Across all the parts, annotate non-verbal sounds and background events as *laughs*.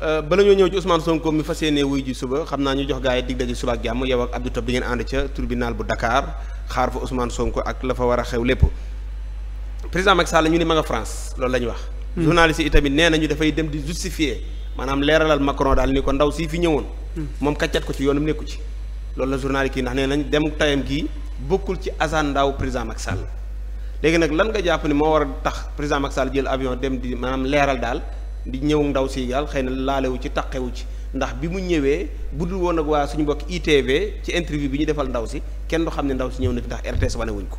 Euh, bala ñoo ñëw ci Ousmane Sonko mi fa yéene wuy ji suba xam naa ñu jox gars yi dig daje suba ak jàmm yow ak Abdou Top ngeen ànd ca tribunal bu dakaar xaar fa Ousmane Sonko ak la fa war a xew lépp président Macky Sall ñu ni ma France loolu la ñu wax. Hmm. journaliste yi tamit nee nañu dafay dem di justifier maanaam leeralal Macron daal ni ko ndaw sii fi ñëwoon. Hmm. moom kàccat ko ci yoonam nekku ci. loolu la journaliste yi ndax nee nañu dem tayam gii bokkul ci agenda wu président Macky Sall léegi nag lan nga jàpp ni moo war a tax président Macky Sall jël dem di maanaam leeral daal di ñëw ndaw si yàlla xëy na laalewu ci taqewu ci ndax bi mu ñëwee bu dul woon ak waa suñu mbokk ITV ci interview bi ñu defal ndaw si kenn du xam ne ndaw si ñëw na fi ndax RTS wane wuñ ko.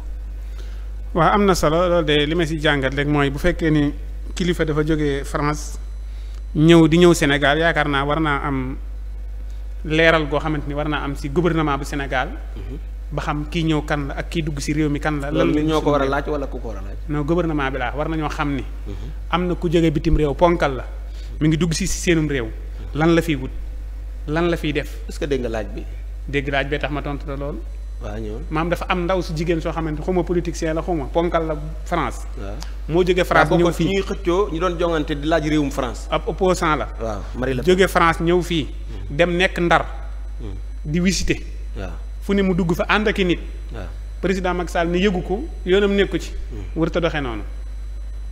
waaw am na solo loolu de li ma si jàngat rek mooy bu fekkee ni kilifa dafa jógee France ñëw di ñëw Sénégal yaakaar naa war naa am leeral goo xamante ni war naa am si gouvernement bu Sénégal. Mhm. ba xam kii ñëw kan la ak kii dugg si réew mi kan la. lan la ñoo ko war a laaj wala ku ko war a laaj. non gouvernement bi laa war nañoo xam ni. Mhm. am na ku jóge bitim réew ponkal la. mi ngi dugg si si seenum réew. lan la fiy wut lan la fiy def. parce que dégg nga laaj bi. dégg laaj bee tax ma tontu la lool. waaw maam dafa am ndaw su jigéen soo xamante xuma politicien la xuma ponkal la France. moo jóge France ñëw fii ñuy xëccoo ñu doon jongante di laaj réewum France. ab opposant la. waaw Marie la jóge France ñëw fii. Mhm. dem nekk ndar. Mhm. di visiter. waaw fu mu dugg fa ànd ak ah. président Macky Sall ni yëgu ko yoonam nekku ci. Hmm. warut a doxee noonu.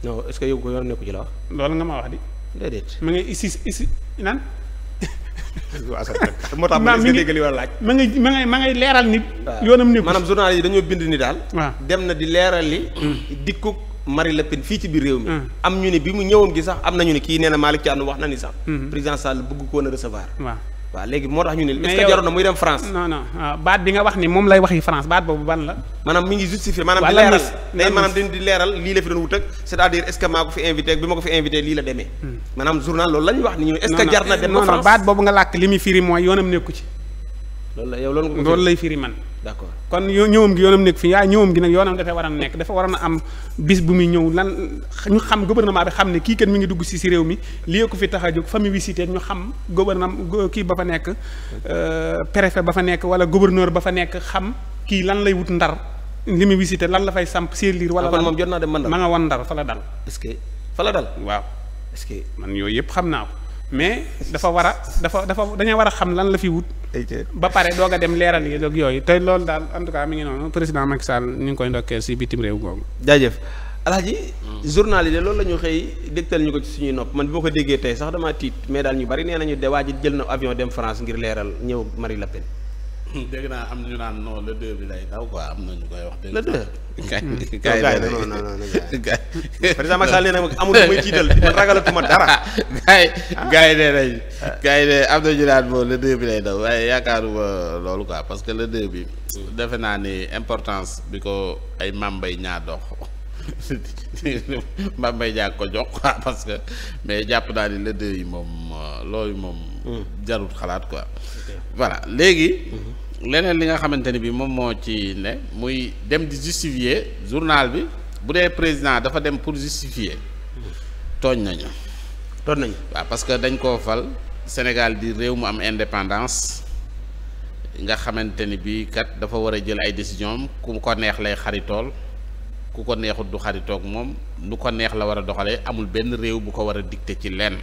non est-ce que yëgu ko yoonam nekku ci la wax. loolu nga ma wax di. déedéet ma ngi ici ici naan. *laughs* moo tax ma ngi ma ngi ma ngi ma ngi leeral nit. Ah. yoonam nekku maanaam journal yi dañoo bind ni daal. Ah. dem na di leeral li. Hmm. dikku Marie Le Pen fii ci biir réew mi. Hmm. am ñu ne bi mu ñëwoon gi sax am ñu ne kii nee na Malick Thiandoum wax na ni sax. président Sall bëgg ko woon a recevoir. waaw waaw léegi moo tax ñu ne. mais est-ce na muy dem France. Ah, baat bi nga wax ni moom lay waxi France baat boobu ban la. maanaam mi ngi justifié maanaam di leeral day maanaam di leeral lii la fi doon wut ak c'est-à-dire est-ce que maa ko fi bi ma ko fi invité lii la demee. Hmm. maanaam journal loolu la wax ni ñu est-ce que na dem boobu nga làkk li muy firi mooy yoonam nekku ci. loolu lay firi d'accord kon yow ñëwam gi yoonam nekk fii waaye ñëwam gi nag yoonam dafay war a nekk dafa waroon a am bis bu muy ñëw lan ñu xam gouvernement bi xam ne kii kat mi ngi dugg si si réew mi lii ko fi tax a jóg famille visité ñu xam gouvernement kii ba fa nekk euh, préfet ba fa nekk wala gouverneur ba fa nekk xam kii lan lay wut ndar li muy visité lan la fay samp seerliir wala ah, kon moom jot naa dem ma nga wan ndar fa la dal est-ce que fa la dal waaw est que man yooyu yëpp xam naa ko mais dafa war a dafa dafa dañoo war a xam lan la fi wut. ba pare doog a dem leeral yi ak yi tey loolu daal en tout cas mi ngi noonu président Macky Sall ñu ngi koy ndokkeel si bitim réew googu. jaajëf alaaji hmm. journal yi de loolu la ñu xëy dégtal ñu ko ci suñuy nopp man boo ko déggee tey sax damaa tiit mais daal ñu bari nee nañu de waa ji jël na avion dem France ngir leeral ñëw Marie Le *laughs* dégg naa am ñu naan non le deux bi lay daw quoi am na ñu koy wax. le deux kay hmm. kay non non non kay président Macky Sall nee na amul lu muy tiital di ragalatuma dara. *laughs* kay kay ah. nee nañ kay ah. ne am na ñu naan moom le deux bi lay daw waaye yaakaaruma loolu quoi parce que le deux bi. defe naa ni importance bi ko ay mambay ñaa dox. mba mbay jaa ko jox quoi parce que mais jàpp naa ni le deux yi moom euh, loolu moom hmm. jarut xalaat quoi voilà léegi hmm. leneen li nga xamante ni bi moom moo ci ne muy dem di justifier journal bi bu dee président dafa dem pour justifier tooñ nañu tooñ nañu waaw parce que dañ koo fal Sénégal di réew mu am indépendance nga xamante ni bi kat dafa war a jël ay décision ku ko neex lay xaritool ku ko neexut du xaritoog moom nu ko neex la war a doxalee amul benn réew bu ko war a dicté ci lenn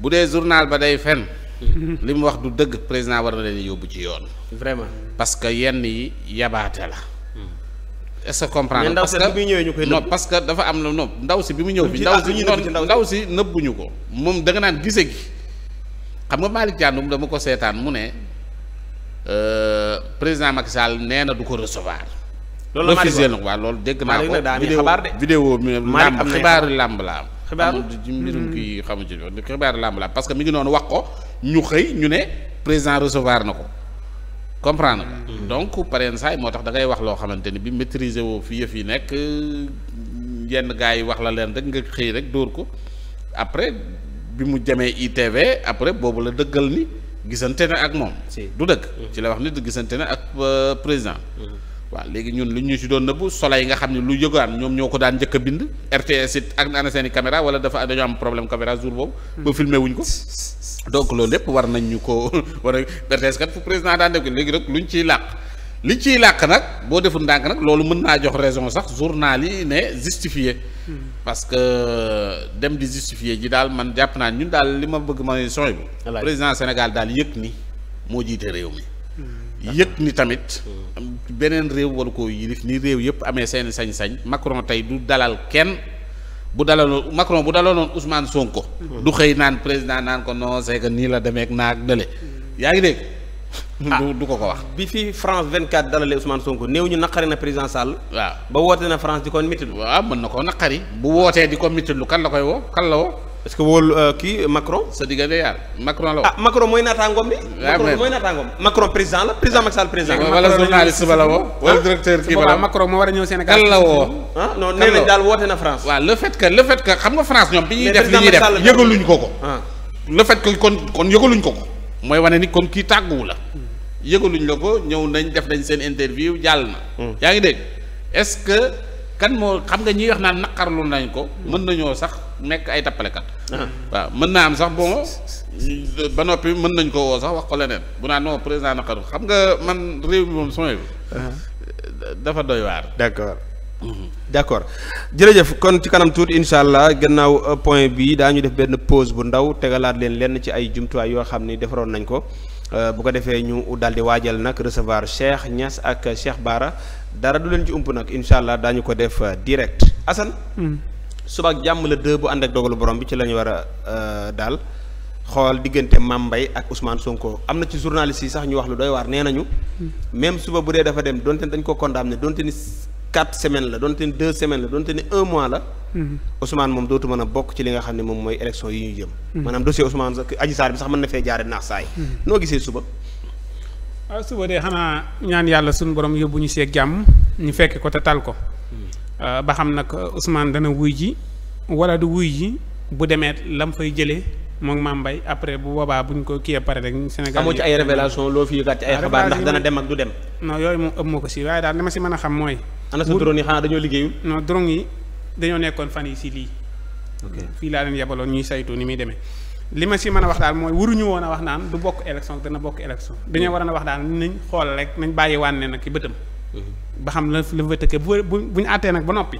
bu dee journal ba day fen li mu wax du dëgg président war na leen yóbbu ci yoon. vraiment parce que yenn yi yabaate la. Hmm. est-ce que comprendre bi ñëwee ñu koy non parce que dafa am non ndaw si bi mu ñëw. bi ndaw si noonu ndaw si nëbbuñu ko. moom da nga naan gise gi xam nga Malick Thiandoum dama ko seetaan mu ne euh, président Macky Sall nee na du ko recevoir. loolu la loolu dégg naa ko. xabaar de vidéo mi xibaaru làmb la am. xibaaru mbirum kii xamu ci xibaaru làmb la am parce que mi ngi noonu wax ko. ñu xëy ñu ne président recevoir na ko comprendre nga. Mm. donc pareen saay moo tax da ngay wax loo xamante ni bi maîtriser woo fi yëf yi nekk yenn gars yi wax la leen rek nga xëy rek dóor ko après bi mu jamee ITV après boobu la dëggal ni gisante na ak moom. du dëgg. Mm. ci la wax nit gisante ne ak euh, président. Mm-hmm. waaw léegi ñun lu ñu ci doon nëbbu solo yi nga xam ne lu yëgaan ñoom ñoo ko daan njëkk a bind RTS it ak ana seeni caméra wala dafa dañoo am problème caméra jour boobu ba filmé wuñ ko donc loolu lépp war nañ ñu ko *laughs* war a kat président daan def léegi rek luñ ciy làq li ciy làq nag boo deful ndànk nag loolu mën naa jox raison sax journal yi ne justifié parce que dem di justifié ji daal man jàpp naa ñun daal li ma bëgg ma sony bu président Sénégal daal yëg ni moo jiite réew mi yëg ni tamit beneen réew waru ko yilif ni réew yëpp amee seen sañ-sañ Macron tey du dalal kenn bu dalaloon Macron bu dalaloon Ousmane Sonko. du xëy naan président naan ko non c'est nii la demeek naag nële yaa ngi dégg ah. du ko ko wax bi fi France 24 dalalee Ousmane Sonko new ñu naqari na président Sall waaw ba woote na France di ko mittilu waaw mën na ko naqari bu wootee di ko lu kan la koy woo kan la woo parce que wóolu euh, kii Macron. sa diggante yàlla Macron la ah Macron mooy naataangoom bi. Macron mooy naataangoom. Macron président la président Macky Sall président. wala journaliste ba la woo. Ah? Macron moo war a ñëw Sénégal. kan la woo. ah non nee nañ daal woote na France. waaw le fait que le fait que xam nga France ñoom. bi ñuy def li ñuy def yëgaluñ ko ko. Ah. le fait que yëgaluñ ko ko. mooy wane ni comme kii tàgguwu la. Hmm. yëgaluñ la ko ñëw nañ def nañ seen interview jàll na. Hmm. yaa ngi dégg est-ce que kan moo xam nga ñiy wax naan naqarlu nañ ko mën nañoo sax nekk ay tappalekat ah. waaw mën naa am sax bon ba noppi mën nañ ko woo sax wax ko leneen bu naan non président naqaru xam nga man réew mi moom sooy ah. dafa doy waar d'accord mhm. d' accord jërëjëf kon ci kanam incha allah gannaaw euh, point bi daañu def benn pause bu ndaw tegalaat leen lenn ci ay jumtuwaay yoo xam ni defaroon nañ ko euh, bu ko defee ñu daal di waajal nag recevoir Cheikh ñas ak Cheikh baara dara du leen ci ump nag incha allah daañu ko def euh, direct Assane. Hmm. suba ak jàmm la deux bu ànd ak dogalu borom bi ci la ñu war a euh, daal xool diggante Mame Mbaye ak Ousmane Sonko am na ci journaliste yi sax ñu wax lu doy waar nee nañu. Hmm. même suba bu dee dafa dem donte ne dañ ko condamné donte ni quatre la donte ni deux semaines la donte ni un mois la. Hmm. Ousmane moom dootu mën a bokk ci li nga xam ne moom mooy élection yi ñu jëm. Hmm. maanaam dossier Ousmane Adji Sarr bi sax mën na fee jaare naax saay. noo gisee suba. waaw ah, suba de xanaa ñaan yàlla suñu borom yóbbu ñu seeg jàmm ñu fekk ko te tal ko. Euh, ba xam nag euh, Ousmane dana wuy ji wala du wuy ji bu demee lam fay jëlee moom maam Mbaye après bu boobaa buñ ko kii pare rek. Sénégal amoo ci ay révélation loo fi yëgaat ci ay xabaar ndax dana dem ak du dem. non yooyu moom ëpp ma ko si waaye daal li ma si mën a xam mooy. ana sa drone yi xanaa dañoo liggéeyul. non drone yi dañoo nekkoon fan yi si lii. fii laa leen yebaloon ñuy saytu ni muy demee. li ma si mën a wax daal mooy waruñu woon a wax naan du bokk élection dana bokk élection dañoo waroon a wax daal nañ xool rek nañ bàyyi wànne nag ki bëtam mhm. ba xam la la fa tëkkee bu bu ñu àttee nag ba noppi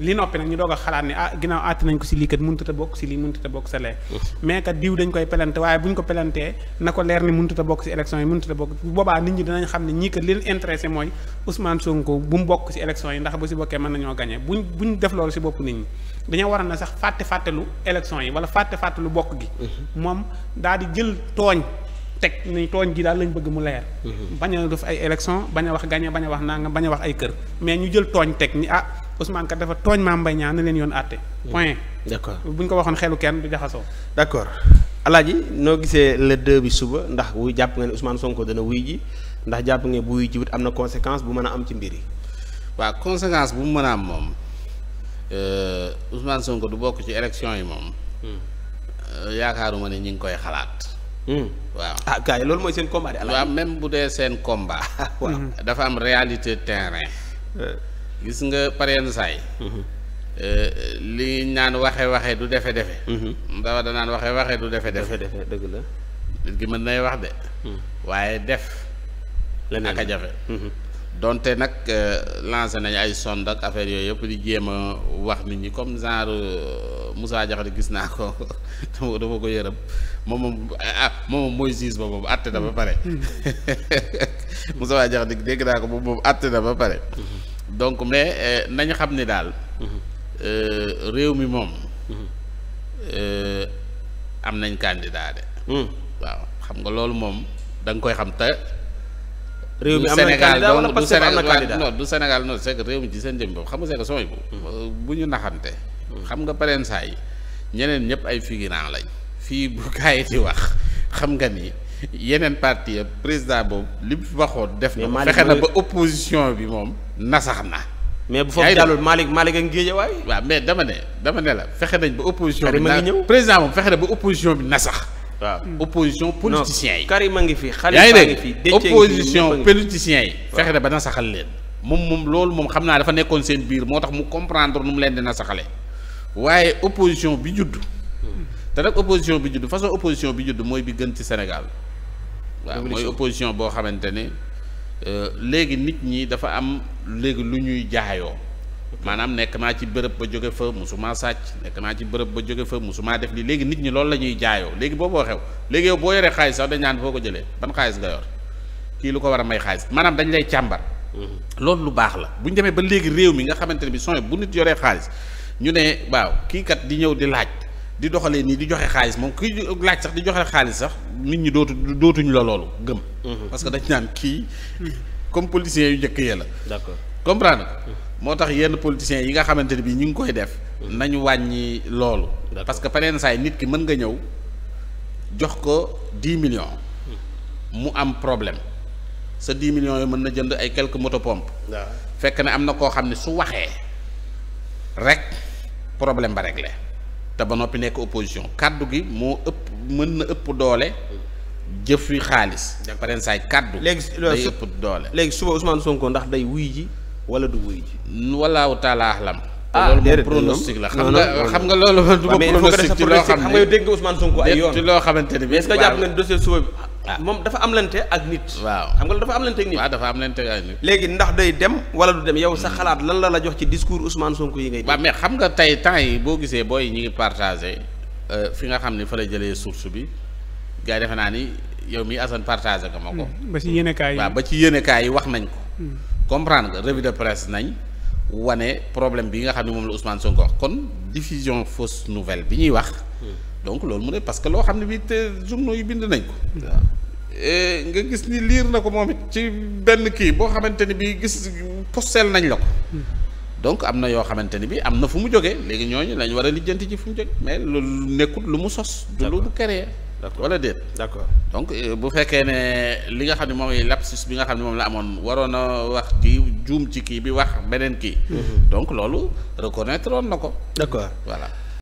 li noppi nag ñu doog a xalaat ne ah ginnaaw àtte nañ ko si lii kat mënut a bokk si lii mënut a bokk sa lee mais ko pelantee na ko leer ni bokk si élection yi mënut a bokk boobaa nit ñi dinañ xam ne ñii kat li leen intéressé mooy Ousmane Sonko bu mu bokk si élection yi ndax bu si bokkee mën nañoo gagné buñ bu ñu def loolu si bopp nit ñi dañoo waroon na sax fàtte fàttelu élection yi wala fàtte fàttelu bokk gi moom daal di jël tooñ teg ni tooñ gi daal lañu bëgg mu leer. Mhm. bañ a def ay élection bañ a wax gañe bañ a wax nangam bañ a wax ay kër mais ñu jël tooñ teg ni ah Ousmane kat dafa tooñ Mame Mbaye Niang na leen yoon àtte. Mhm. point d'accord buñ ko waxoon xelu kenn du jaxasoo. d'accord Alaaji noo gisee le deux bi suba ndax wuy jàpp nga ne Ousmane Sonko dana wuy ji ndax jàpp nga bu wuy ji am na conséquence bu mën a am ci mbir yi. waaw conséquence bu mu mën a am moom euh, Ousmane Sonko du bokk ci élection yi moom. Hmm. Euh, yaakaaruma ne ñu ngi koy xalaat. Hmm. waaw ah gars yi loolu mooy seen combat de. waaw même bu dee seen combat. *laughs* Ah, waaw hmm. dafa am réalité terrain. Euh. gis nga pareen saay hmm. euh, li naan waxe waxe du defe defe. ndawa danaan waxe waxe du defe defe. defe dëgg la. nit gi mën nay wax de. waaye def. la naka jafe. donte nag euh, lancé nañ ay sonde ak affaire yooyu yëpp di jéem a wax nit ñi comme genre euh, Moussa Diakhaté gis naa ko *laughs* dafa ko yërëm moom moom ah mooy juge ba boobu àtte na ba pare mm. *laughs* Moussa Diakhaté dégg naa ko boobu moom àtte na ba pare mm-hmm. donc mais euh, nañu xam ni daal mm-hmm. réew mi moom mm-hmm. am nañ candidat de mm. waaw xam nga loolu moom da nga koy xam te réew mi am na candidat wala na candidat du Sénégal non c'est réew mi ci seen jëm boobu xam nga sooy bu ñu naxante xam nga pareen saa yi ñeneen ñëpp ay figurant lañ fii bu gars yi di wax xam nga ni yeneen parti président boobu li mu waxoon def na fexe na ba opposition bi moom nasax na mais bu foofu jàllul Malick Malick ak Géeja waay waaw mais dama ne dama ne la fexe nañ ba opposition bi président moom fexe na ba opposition bi nasax waaw hmm. opposition politiciens yi. Karim a ngi fi Khalifa a ngi fi. yaa ngi dégg opposition politiciens yi. fexe na ba na saxal leen. moom moom loolu moom xam naa dafa nekkoon seen biir moo tax mu comprendre nu mu leen dina saxale waaye opposition bi juddu hmm. te nag opposition bi judd façon opposition bi judd mooy bi gën ci senegal waaw mooy opposition boo xamante ne euh, léegi nit ñi dafa am léegi lu ñuy jaayoo. maanaam nekk naa ci bërëb ba jóge fa musumaa sàcc nekk naa ci bërëb ba jóge fa musumaa def li léegi nit ñi loolu la ñuy jaayoo léegi booboo xew léegi yow boo yoree xaalis sax dañ naan foo ko jëlee ban xaalis nga yor kii lu ko war a may xaalis maanaam dañ lay càmbar mm-hmm. loolu lu baax la bu ñu demee ba léegi réew mi nga xamante ne bi son bu nit yoree xaalis ñu ne waaw kii kat di ñëw di laaj di doxalee nii di joxe xaalis moom kii laaj sax di joxe xaalis sax nit ñi dootu dootuñu la loolu gëm mm-hmm. parce que dañ naan kii comme policiers yu njëkk yee la d'accord moo tax yenn politiciens yi nga xamante ne bii ñu ngi koy def nañu wàññi loolu. parce que peneen saay nit ki mën nga ñëw jox ko dix millions. mu am problème sa dix millions yi mën na jënd ay quelques moto pompe fekk ne am na koo xam ne su waxee rek problème ba réglé te ba noppi nekk opposition kàddu gi moo ëpp mën na ëpp doole. jëf yi xaalis. peneen saay kàddu. léegi day ëpp doole léegi suba Ousmane Sonko ndax day wuy ji. wala du wuy ji. walaawu taalaa axlam. ah déedéet loolu pronostic la xam nga xam nga loolu. du ma pronostic ci loo xam ne mais dégg nga Ousmane ay yoon loo xamante ne bi. est-ce que jàpp nga ah. moom dafa am ak nit. waaw xam nga dafa am lante ak nit. waaw dafa am lante ak nit. léegi ndax day dem wala du dem yow sa hmm. xalaat lan la la jox ci discours Ousmane Sonko yi ngay. waaw mais xam nga tey temps yi boo gisee booy ñu ngi partagé euh, fi nga xam ne fa la jëlee source bi gars yi defe naa ni yow mi Assane partagé ko ma ko. Hmm. ba ci yéenekaay yi ba ci yéenekaay yi wax nañ ko hmm. comprendre nga revue de presse nañ wane problème bi nga xam ne moom la Ousmane Sonko wax kon diffusion fausse nouvelle bi ñuy wax donc loolu mu ne parce que loo xam ne bi te journaux yi bind nañ ko eh, nga gis ni liir na ko moom it ci benn kii boo xamante ni bi gis postel nañ la ko donc am na yoo xamante ni bi am na fu mu jógee léegi ñooñu lañ war a lijjanti ci fu mu jógee mais loolu nekkul lu mu sos du lu mu créé d'accord wala déet. d'accord donc euh, bu fekkee ne li nga xam ne moom i lapsus bi nga xam ne moom la amoon waroon a wax kii juum ci kii bi wax beneen kii. Mhm. donc loolu reconnaître woon na ko. d'accord voilà.